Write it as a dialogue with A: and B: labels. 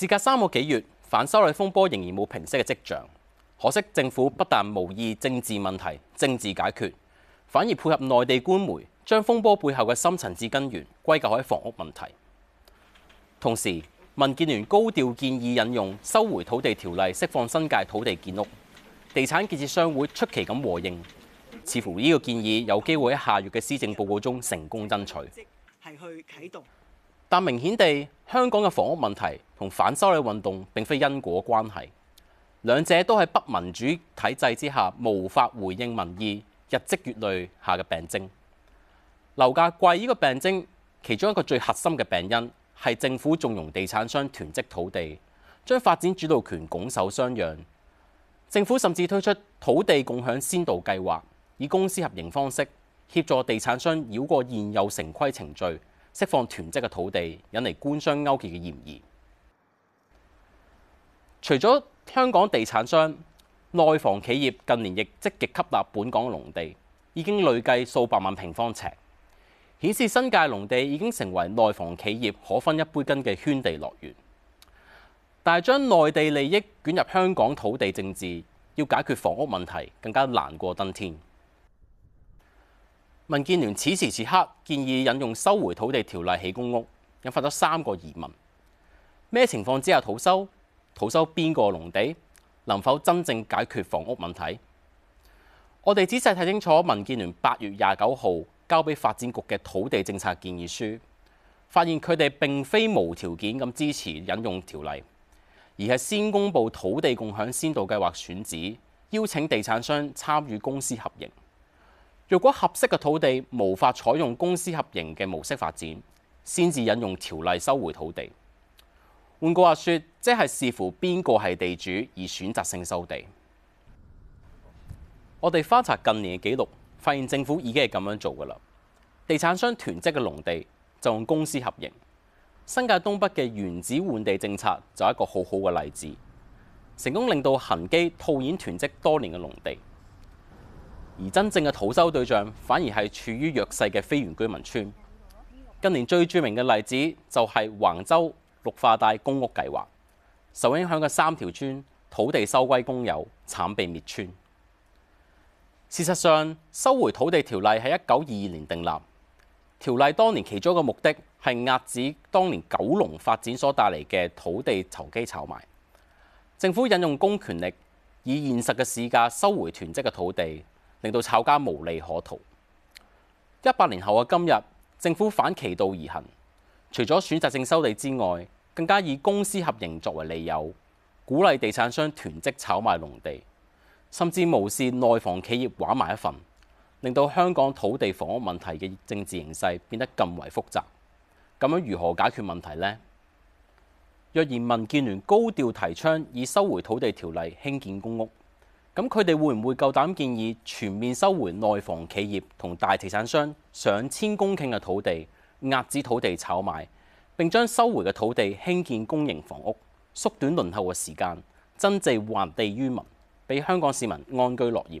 A: 事隔三個幾月，反修例風波仍然冇平息嘅跡象。可惜政府不但無意政治問題，政治解決，反而配合內地官媒，將風波背後嘅深層次根源歸咎喺房屋問題。同時，民建聯高調建議引用收回土地條例，釋放新界土地建屋。地產建設商會出奇咁和應，似乎呢個建議有機會喺下月嘅施政報告中成功爭取。係去啟動。但明顯地，香港嘅房屋問題同反修例運動並非因果關係，兩者都係不民主體制之下無法回應民意、日積月累下嘅病徵。樓價貴呢個病徵，其中一個最核心嘅病因係政府縱容地產商囤積土地，將發展主導權拱手相讓。政府甚至推出土地共享先導計劃，以公私合營方式協助地產商繞過現有城規程序。釋放囤積嘅土地，引嚟官商勾結嘅嫌疑。除咗香港地產商，內房企業近年亦積極吸納本港農地，已經累計數百萬平方尺，顯示新界農地已經成為內房企業可分一杯羹嘅圈地樂園。但係將內地利益捲入香港土地政治，要解決房屋問題更加難過登天。民建聯此時此刻建議引用收回土地條例起公屋，引發咗三個疑問：咩情況之下土收？土收邊個農地？能否真正解決房屋問題？我哋仔細睇清楚民建聯八月廿九號交俾發展局嘅土地政策建議書，發現佢哋並非無條件咁支持引用條例，而係先公布土地共享先導計劃選址，邀請地產商參與公私合營。如果合適嘅土地無法採用公私合營嘅模式發展，先至引用條例收回土地。換句話說，即係視乎邊個係地主而選擇性收地。我哋翻查近年嘅記錄，發現政府已經係咁樣做㗎啦。地產商囤積嘅農地就用公私合營。新界東北嘅原址換地政策就一個好好嘅例子，成功令到恒基套現囤積多年嘅農地。而真正嘅土收對象反而係處於弱勢嘅非原居民村。近年最著名嘅例子就係橫州綠化帶公屋計劃，受影響嘅三條村土地收歸公有，慘被滅村。事實上，收回土地條例喺一九二二年訂立，條例當年其中一個目的係壓止當年九龍發展所帶嚟嘅土地籌機炒賣。政府引用公權力，以現實嘅市價收回囤積嘅土地。令到炒家無利可圖。一百年後嘅今日，政府反其道而行，除咗選擇性收地之外，更加以公私合營作為利誘，鼓勵地產商囤積炒賣農地，甚至無視內房企業玩埋一份，令到香港土地房屋問題嘅政治形勢變得更為複雜。咁樣如何解決問題呢？若然民建聯高調提倡以收回土地條例興建公屋。咁佢哋會唔會夠膽建議全面收回內房企業同大地產商上千公頃嘅土地，壓止土地炒賣，並將收回嘅土地興建公營房屋，縮短輪候嘅時間，真正還地於民，俾香港市民安居樂業。